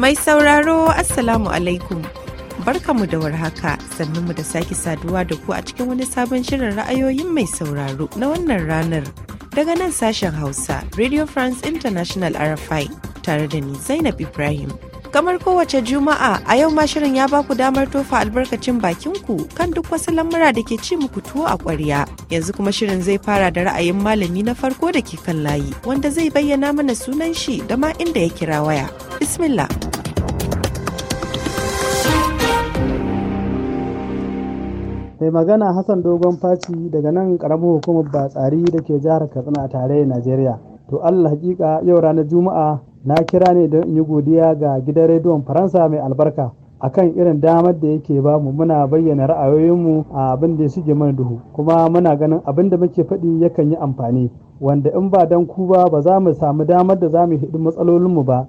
Mai sauraro Assalamu alaikum. barka mu da warhaka mu da sake saduwa da ku a cikin wani sabon shirin ra'ayoyin mai sauraro na wannan ranar. Daga nan sashen Hausa, Radio France International RFI tare da ni Zainab Ibrahim. Kamar kowace Juma'a a yau ma shirin ya baku damar tofa albarkacin bakin ku kan duk wasu lamura da ke ci muku tuwo a kwarya Yanzu kuma shirin zai fara da ra'ayin malami na farko da ke kan layi wanda zai bayyana mana sunan shi da ma inda ya kira waya. Bismillah. mai magana hassan dogon faci daga nan karamar hukumar batsari da ke jihar katsina a tarayyar najeriya to allah hakika yau ranar juma'a na kira ne don in yi godiya ga gidan rediyon faransa mai albarka akan irin damar da yake ba mu muna bayyana ra'ayoyinmu a abin da suke mana duhu kuma muna ganin abin da muke faɗi yakan yi amfani wanda in ba dan ku ba ba za mu samu damar da za mu hidi matsalolinmu ba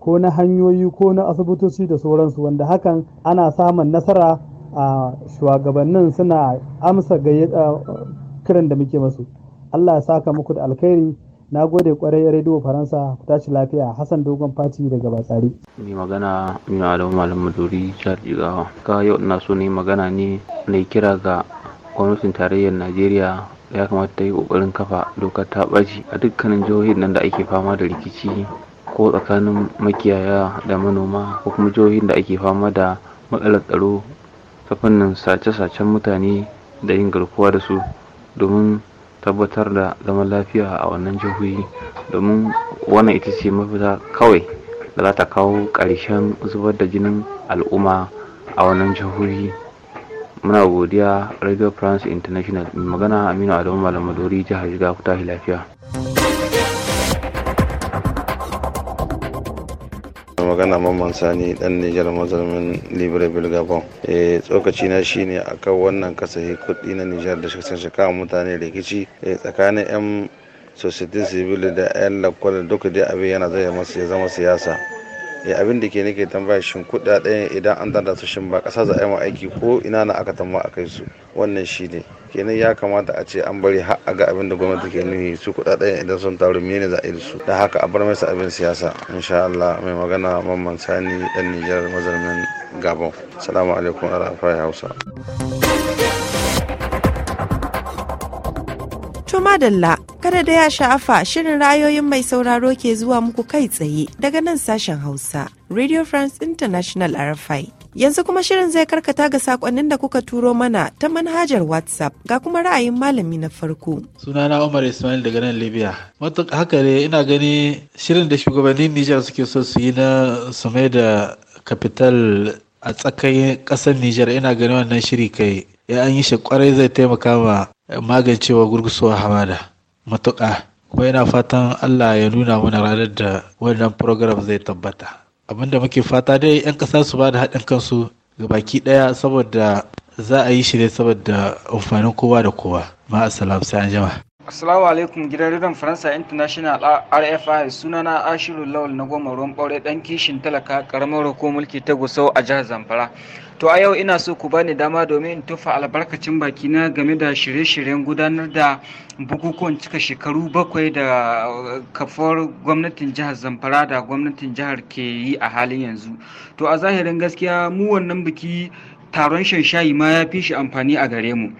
ko na hanyoyi ko na asibitoci da sauransu wanda hakan ana samun nasara a shugabannin suna amsa kiran da muke masu Allah ya saka muku da alkhairi na gode kwarai rediyo faransa ku tashi lafiya hassan dogon fati daga batsari ni magana ni al'amu malam maduri jihar jigawa ka yau ina so ni magana ne yi kira ga gwamnatin tarayyar najeriya ya kamata ta yi kokarin kafa dokar ta ɓaci a dukkanin jihohin nan da ake fama da rikici ko tsakanin makiyaya da manoma ko kuma jihohin da ake fama da matsalar tsaro ta fannin sace-sacen mutane da yin garkuwa da su domin tabbatar da zaman lafiya a wannan jihohi domin wannan ita ce mafita kawai da za ta kawo ƙarshen zubar da jinin al'umma a wannan jihohi muna godiya radio france international magana aminu adamu malamadori jihar shiga ku tashi lafiya magana mamman sani dan nijar mazalmin libreville gabon eh, tsokaci na shine akan wannan kasahi kuɗi na nijar da shi kawo mutane rikici eh, tsakanin 'yan societin civil da 'yan lakwal duka dai abin yana zai masu ya zama siyasa ya eh, abin da ke nake tambaya shin kudaden idan an danda su shin ba kasa za a yi aiki ko ina na aka tamma a kai su wannan shi ne kenan ya kamata a ce an bari har a ga abin da gwamnati ke nuhi su kudaden idan sun taru menene za a yi su da haka a bar masa abin siyasa insha Allah mai magana mamman sani dan Nijar mazalmin Gabon assalamu alaikum wa rahmatullahi hausa madalla kada da ya sha'afa shirin rayoyin mai sauraro ke zuwa muku kai tsaye daga nan sashen hausa radio france international rfi yanzu kuma shirin zai karkata ga sakonnin da kuka turo mana ta manhajar whatsapp ga kuma ra'ayin malami na farko sunana umar ismail daga nan libya matuƙa haka ne ina gani shirin da shugabannin nijar suke so su yi na su mai da kapital a tsakanin ƙasar nijar ina gani wannan shiri kai ya an yi shi kwarai zai taimaka ma magancewa gurgusuwar hamada matuƙa kuma yana fatan Allah ya nuna mana ranar da wannan program zai tabbata Abin da muke fata dai 'yan ƙasa su ba da haɗin kansu ga baki ɗaya saboda za a yi shi ne saboda amfanin kowa da kowa ma sai an jama Asalamu alaikum gidan Rhythm Faransa International RFI sunana Ashiru Lawal na goma ruwan ɓaure ɗan kishin talaka ƙaramar roko mulki ta Gusau a jihar Zamfara. To a yau ina so ku bani dama domin in tufa albarkacin baki na game da shirye-shiryen gudanar da bukukuwan cika shekaru bakwai da uh, kafar gwamnatin jihar Zamfara da gwamnatin jihar ke yi a halin yanzu. To a zahirin gaskiya mu wannan biki taron shan shayi ma ya fi shi amfani a gare mu.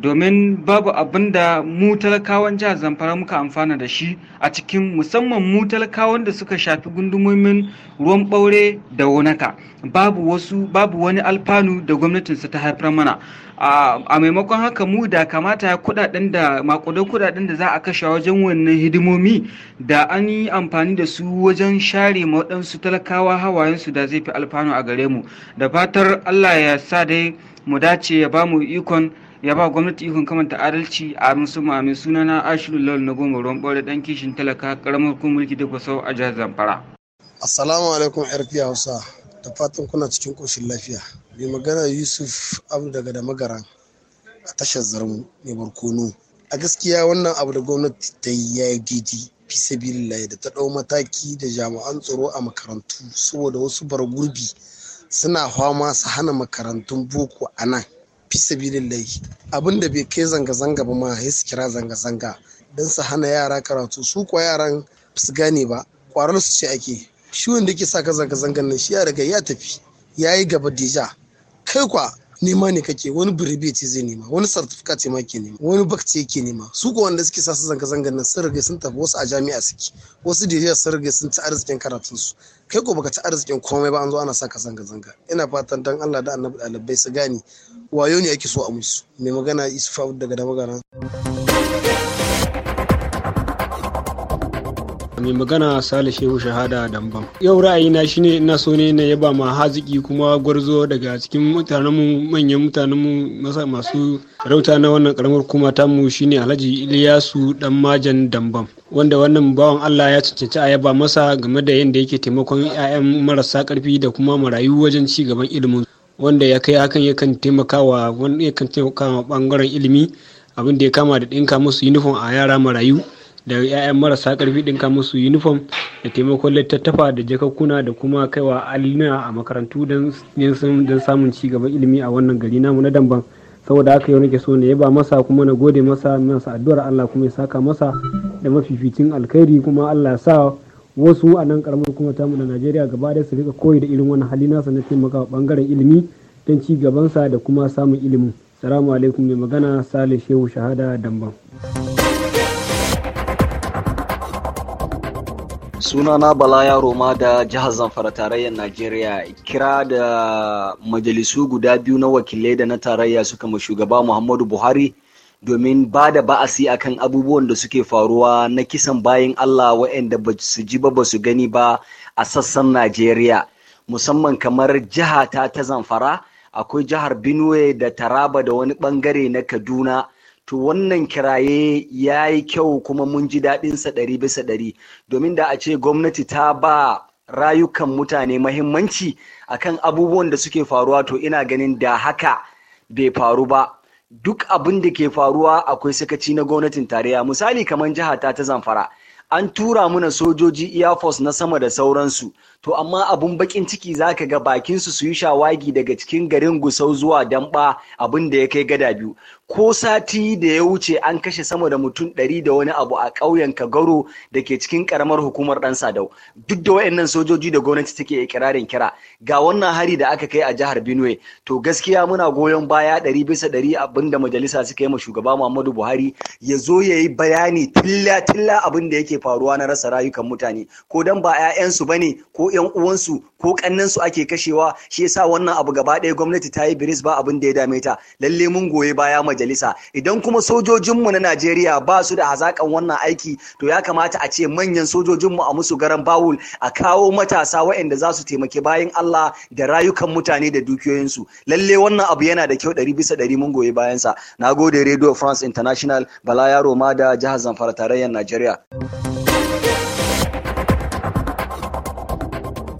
domin babu abin da mu talakawan jihar zamfara muka amfana da shi a cikin musamman mu talakawan da suka shafi gundumomin ruwan ɓaure da wonaka babu wasu babu wani alfanu da gwamnatinsa ta haifar mana a maimakon haka mu da kamata kudaden da makudan kudaden da za a kashe wajen wannan hidimomi da an yi amfani da su wajen share waɗansu talakawa hawayensu da zai fi alfanu a gare mu da fatar allah ya sa dai mu dace ya ba mu ikon ya ba gwamnati ikon kamanta adalci a musu suna sunana ashirin lal na goma ruwan bore ɗan kishin talaka ƙaramar kun mulki da kwaso a jihar zamfara. assalamu alaikum rp hausa da fatan kuna cikin ƙoshin lafiya mai magana yusuf abu daga da magaran a tashar zarmu mai barkono a gaskiya wannan abu da gwamnati ta yi ya yi fisa da ta ɗau mataki da jami'an tsaro a makarantu saboda wasu bargurbi suna fama su hana makarantun boko a nan fi sabilillahi abin da bai kai zanga-zanga ba ma ya su kira zanga-zanga don su hana yara karatu su kuwa yaran su gane ba kwarar su ce ake shi wanda ke sa ka zanga-zangan nan shi ya riga ya tafi ya yi gaba deja kai kwa nema ne kake wani birbe ce zai nema wani sartifika ma ke nema wani bakci yake nema su ko wanda suke sasu zanga zangan nan sun riga sun tafi wasu a jami'a suke wasu da sun riga sun ci arzikin karatun su kai ko baka ci arzikin komai ba an zo ana saka zanga zanga ina fatan dan Allah da annabi ɗalibai su gane wayo ne ake so a musu mai magana isufa daga da magana. mai magana sale shehu shahada dambam yau ra'ayina shine ina so ne na yaba ma haziki kuma gwarzo daga cikin mutanenmu manyan mutanenmu masu rauta na wannan karamar kuma mu shine alhaji iliyasu dan majan dambam wanda wannan bawan allah ya cancanci a yaba masa game da yadda yake taimakon 'ya'yan marasa karfi da kuma marayu wajen ci gaban ilimin wanda ya kai hakan yakan taimakawa wanda yakan taimakawa bangaren ilimi abin da ya kama da ɗinka musu yunifom a yara marayu da 'ya'yan marasa karfi ɗinka musu uniform da taimakon littattafa da jakakkuna da kuma kaiwa alina a makarantu don samun ci gaban ilimi a wannan gari namu na damban saboda haka yau nake so na yaba masa kuma na gode masa masa addu'ar Allah kuma ya saka masa da mafificin alkhairi kuma Allah ya sa wasu a nan karamar kuma tamu da Najeriya gaba da su rika koyi da irin wannan hali nasa na taimakawa bangaren ilimi don ci gabansa da kuma samun ilimin. Salamu alaikum mai magana Sale Shehu Shahada Damban. sunana bala yaro ma da jihar zamfara tarayyar najeriya kira da majalisu guda biyu na wakilai da na tarayya suka ma shugaba muhammadu buhari domin ba da ba'asi akan abubuwan da suke faruwa na kisan bayan allah waɗanda ba su ji ba su gani ba a sassan najeriya musamman kamar jihata ta ta zamfara akwai jihar benue da taraba da wani bangare na kaduna to wannan kiraye ya yi kyau kuma mun ji daɗin sa ɗari bisa ɗari domin da a ce gwamnati ta ba rayukan mutane mahimmanci akan abubuwan da suke faruwa to ina ganin da haka bai faru ba duk abin da ke faruwa akwai sakaci na gwamnatin tarayya misali kamar jiha ta ta zamfara an tura mana sojoji air force na sama da sauransu to amma abun bakin ciki zaka ga bakinsu su yi shawagi daga cikin garin gusau zuwa damba abin da ya kai gada biyu ko sati da ya wuce an kashe sama da mutum ɗari da wani abu a ƙauyen kagaro da ke cikin ƙaramar hukumar ɗan sadau duk da wayannan sojoji da gwamnati take ikirarin kira ga wannan hari da aka kai a jihar benue to gaskiya muna goyon baya ɗari bisa ɗari abin da majalisa suka yi ma shugaba muhammadu buhari ya zo ya yi bayani tilla tilla abin da yake faruwa na rasa rayukan mutane ko dan ba 'ya'yansu ba ne ko 'yan uwansu ko ƙannensu ake kashewa shi yasa wannan abu gaba ɗaya gwamnati ta yi biris ba abin da ya dame ta lalle mun goyi baya majalisa idan kuma sojojinmu na Najeriya ba su da hazakan wannan aiki to ya kamata a ce manyan sojojinmu a musu garan bawul a kawo matasa waɗanda za su taimaki bayan Allah da rayukan mutane da dukiyoyinsu lalle wannan abu yana da kyau ɗari bisa ɗari mun goyi bayansa na gode radio france international bala yaro ma da jihar zamfara tarayyar Najeriya.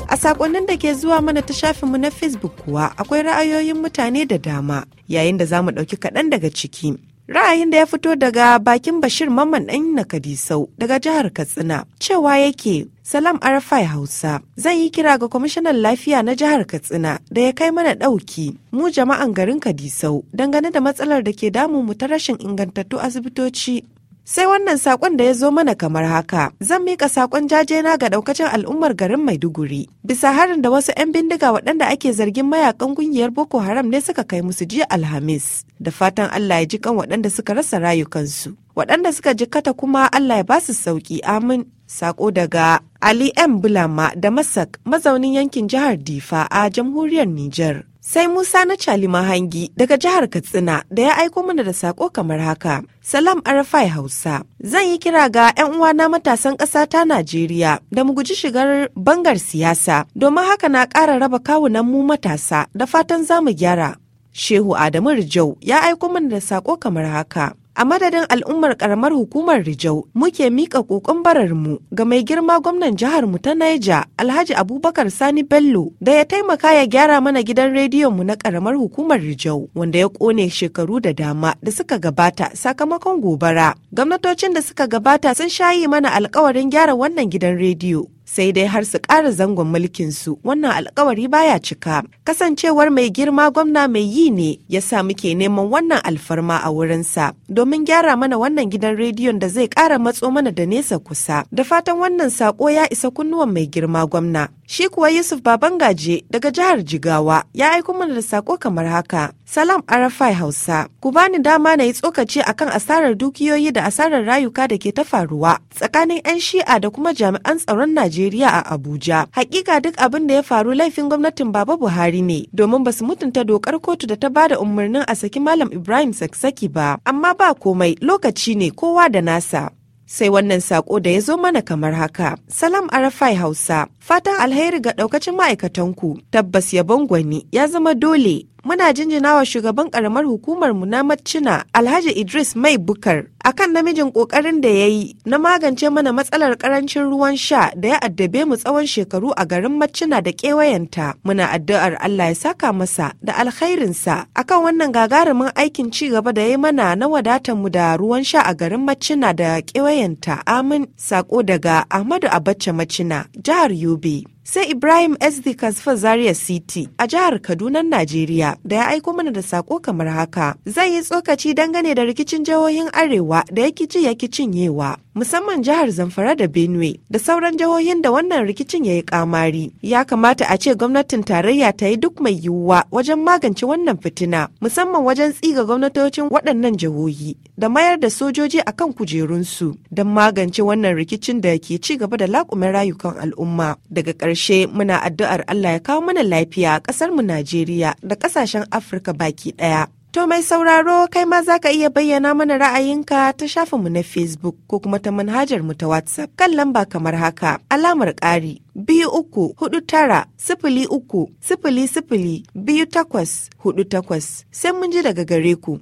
A saƙonnin da ke zuwa mana ta shafinmu na Facebook kuwa akwai ra'ayoyin mutane da dama yayin da za mu ɗauki kaɗan daga ciki. Ra'ayin da ya fito daga bakin Bashir Mamman ɗan na Kadisau daga jihar Katsina cewa yake Salam Arafai Hausa zan yi kira ga kwamishinan lafiya na jihar Katsina da ya kai mana ɗauki mu jama'an garin Kadisau dangane da matsalar da ke damu mu ta rashin ingantattu asibitoci Sai wannan sakon da ya zo mana kamar haka, zan mika sakon jajena ga daukacin al'ummar garin Maiduguri. Bisa harin da wasu 'yan bindiga waɗanda ake zargin mayakan kungiyar Boko Haram ne suka kai musu jiya Alhamis, da fatan Allah ya ji kan waɗanda suka rasa rayukansu. Waɗanda suka jikkata kuma Allah ya basu sauki amin. Sako daga Ali M. Bulama da Masak mazaunin yankin jihar Difa a jamhuriyar Nijar. Sai Musa na Cali Mahangi daga jihar Katsina da ya aiko mana da sako kamar haka. Salam Arafai Hausa. Zan yi kira ga 'yan uwana matasan ƙasa ta Najeriya da mu guji shigar bangar siyasa domin haka na ƙara raba kawunan mu matasa da fatan za mu gyara. Shehu Adamu Rijau ya aiko mana da sako kamar haka. a madadin al'ummar karamar hukumar Rijau muke mika kokon bararmu ga mai girma gwamnan jihar mu ta Naija Alhaji Abubakar Sani Bello da ya taimaka ya gyara mana gidan rediyon mu na karamar hukumar Rijau wanda ya kone shekaru da dama da suka gabata sakamakon gobara. Gwamnatocin da suka gabata sun shayi mana alkawarin gyara wannan gidan rediyo sai dai har su ƙara zangon mulkin su wannan alkawari baya cika kasancewar mai girma gwamna mai yi ne ya sa muke neman wannan alfarma a wurin sa. domin gyara mana wannan gidan rediyon da zai ƙara matso mana da nesa kusa da fatan wannan sako ya isa kunnuwan mai girma gwamna shi kuwa yusuf baban gaje daga jihar jigawa ya aiko mana da sako kamar haka salam arafai hausa ku bani dama na yi tsokaci akan asarar dukiyoyi da asarar rayuka da ke ta faruwa tsakanin 'yan shi'a da kuma jami'an tsaron najeriya Najeriya a Abuja. Hakika duk abin da ya faru laifin gwamnatin Baba Buhari ne domin ba su mutunta dokar kotu da ta bada umarnin a saki Malam Ibrahim Saksaki ba. Amma ba komai lokaci ne kowa da nasa. sai wannan sako da ya zo mana kamar haka. Salam Arafai Hausa, fatan alheri ga ɗaukacin ma'aikatanku, tabbas ya gwani ya zama dole muna jinjina wa shugaban karamar hukumar mu na Macina Alhaji Idris Mai Bukar akan namijin kokarin da ya yi na magance mana matsalar karancin ruwan sha da ya addabe mu tsawon shekaru a garin Macina da kewayenta. Muna addu'ar Allah ya saka masa da alkhairinsa akan wannan gagarumin aikin ci gaba da ya mana na wadatar mu da ruwan sha a garin Macina da kewayenta. Amin sako daga Ahmadu Abacha Macina, jihar Yobe. sai ibrahim sd kasfa zaria city a jihar kaduna najeriya da ya aiko mana da sako kamar haka zai yi tsokaci dangane da rikicin jihohin arewa da ya kici ya cinyewa musamman jihar zamfara da benue da sauran jihohin da wannan rikicin ya yi kamari ya kamata a ce gwamnatin tarayya ta yi duk mai yiwuwa wajen magance wannan fitina musamman wajen tsiga gwamnatocin waɗannan jihohi da mayar da sojoji a kan kujerunsu don magance wannan rikicin da ke ci gaba da laƙumin rayukan al'umma daga ƙarshe karshe muna addu'ar Allah ya kawo mana lafiya a ƙasar mu Najeriya da ƙasashen Afirka baki ɗaya. To mai sauraro kai ma za ka iya bayyana mana ra'ayinka ta mu na Facebook ko kuma ta manhajar mu ta WhatsApp kan lamba kamar haka alamar ƙari biyu uku hudu tara sifili uku sifili sifili biyu takwas hudu takwas sai mun ji daga gare ku.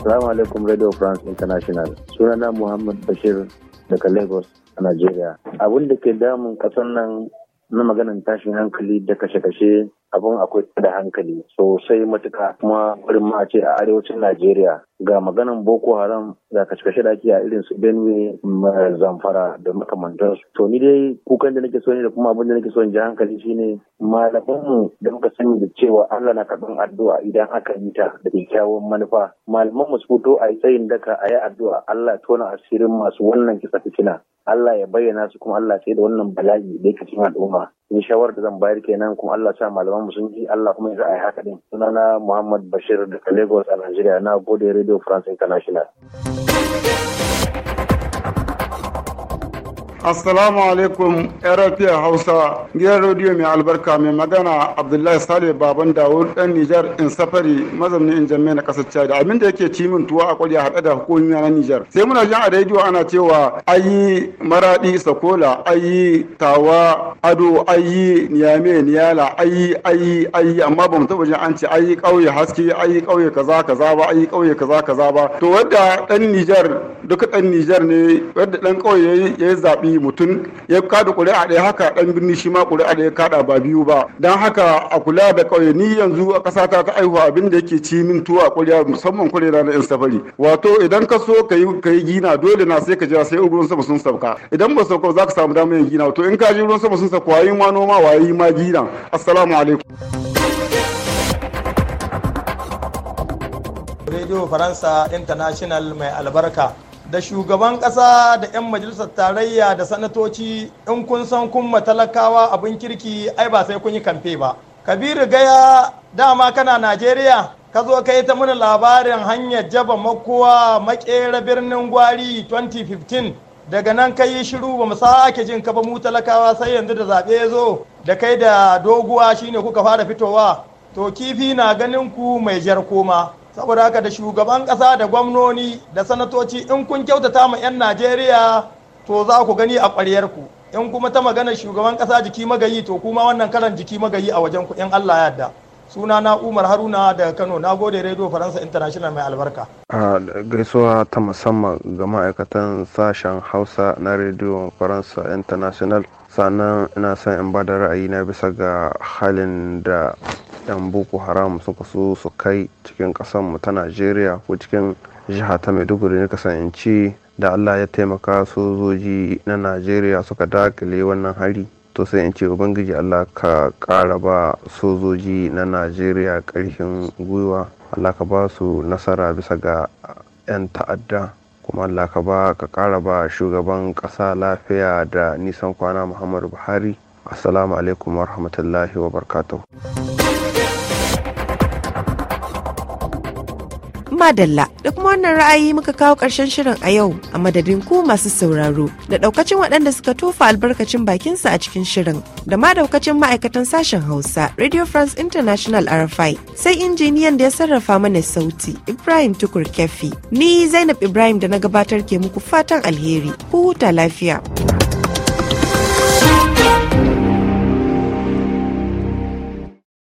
Assalamu alaikum Radio France International. Sunana Muhammad Bashir daga Lagos a Najeriya. Abin da ke damun kasar nan na maganin tashin hankali da kashe-kashe abin akwai da hankali sosai matuka kuma wurin ma ce a arewacin Najeriya ga maganan boko haram da kashe-kashe da ake a irin su benue zamfara da su. to ni dai kukan da nake so ne da kuma abin da nake so in ji hankali shine malamanmu da muka sani da cewa allah na karɓar addu'a idan aka yi ta da kyakkyawan manufa malamanmu su fito a yi tsayin daka a yi addu'a allah tona asirin masu wannan kisa fitina allah ya bayyana su kuma allah sai da wannan bala'i da yake cikin al'umma ni shawarar da zan bayar kenan kuma Allah sa malaman mu sun ji Allah kuma ya yi haka din sunana Muhammad Bashir daga Lagos a Najeriya na gode Radio France International Assalamu alaikum RFA Hausa, gidan rediyo mai albarka mai magana Abdullahi Sale Baban Dawud dan Nijar in safari mazamni in jamme na kasar Chad. Abin da yake cimin tuwa a kwarya haɗe da hukumomi na Nijar. Sai muna jin a rediyo ana cewa ayi maradi Sakola, ayi Tawa, Ado, ayi Niyame, Niyala, ayi ayi ayi amma ba mu taɓa jin an ce ayi ƙauye haske, ayi ƙauye kaza kaza ba, ayi ƙauye kaza kaza ba. To wadda dan Nijar duka dan Nijar ne wadda dan ƙauye yayi yi zaɓi yi mutum ya kada kuri'a ɗaya haka ɗan birni shi ma ƙuri'a ɗaya kada ba biyu ba don haka a kula da ƙauye ni yanzu a ƙasa ta ta aihu abin da yake ci min tuwa musamman kuri'a na yan safari wato idan ka so ka yi gina dole na sai ka jira sai ruwan sama sun sauka idan ba sauka za ka samu damar yin gina to in ka ji ruwan sama sun sauka wayi ma noma wayi ma gina assalamu alaikum Radio Faransa International mai albarka da shugaban ƙasa da 'yan majalisar tarayya da sanatoci in kun san kun matalakawa abin kirki ai ba sai kun yi kamfe ba kabiru gaya dama kana najeriya ka zo ka yi ta mini labarin hanyar jaba makowa makera birnin gwari 2015 daga nan ka yi shiru ba mu sake jin ka ba mu talakawa sai yanzu da zaɓe ya zo da kai da doguwa shine kuka fara fitowa to kifi na ganin ku mai jar koma saboda haka da shugaban ƙasa da gwamnoni da sanatoci in kun kyautata ma 'yan najeriya to za ku gani a ƙwaryarku in kuma ta magana shugaban ƙasa jiki magayi to kuma wannan karan jiki magayi a wajen ku in allah yadda suna na umar haruna daga kano na gode radio faransa international mai albarka a gaisuwa ta musamman ga ma'aikatan sashen hausa na radio faransa international sannan ina son in ba da ra'ayi na bisa ga halin da 'yan boko haram suka so su kai cikin mu ta najeriya ko cikin jiha ta maiduguri na kasance da allah ya taimaka sojoji na najeriya suka dakile wannan hari to sai in ce ubangiji allah ka kara ba sojoji na najeriya karfin gwiwa allah ka ba su nasara bisa ga 'yan ta'adda kuma allah ka ba ka kara ba shugaban kasa lafiya da nisan kwana muhammadu buhari assalamu alaikum wa rahmatullahi wa barkatau. madalla da kuma wannan ra'ayi muka kawo ƙarshen shirin a yau a madadin ku masu sauraro da ɗaukacin waɗanda suka tofa albarkacin bakinsa a cikin shirin da ma ɗaukacin ma'aikatan sashen Hausa Radio France International RFI sai injiniyan da ya sarrafa mana sauti Ibrahim Tukur Kefi ni Zainab Ibrahim da na gabatar ke muku fatan alheri ku huta lafiya.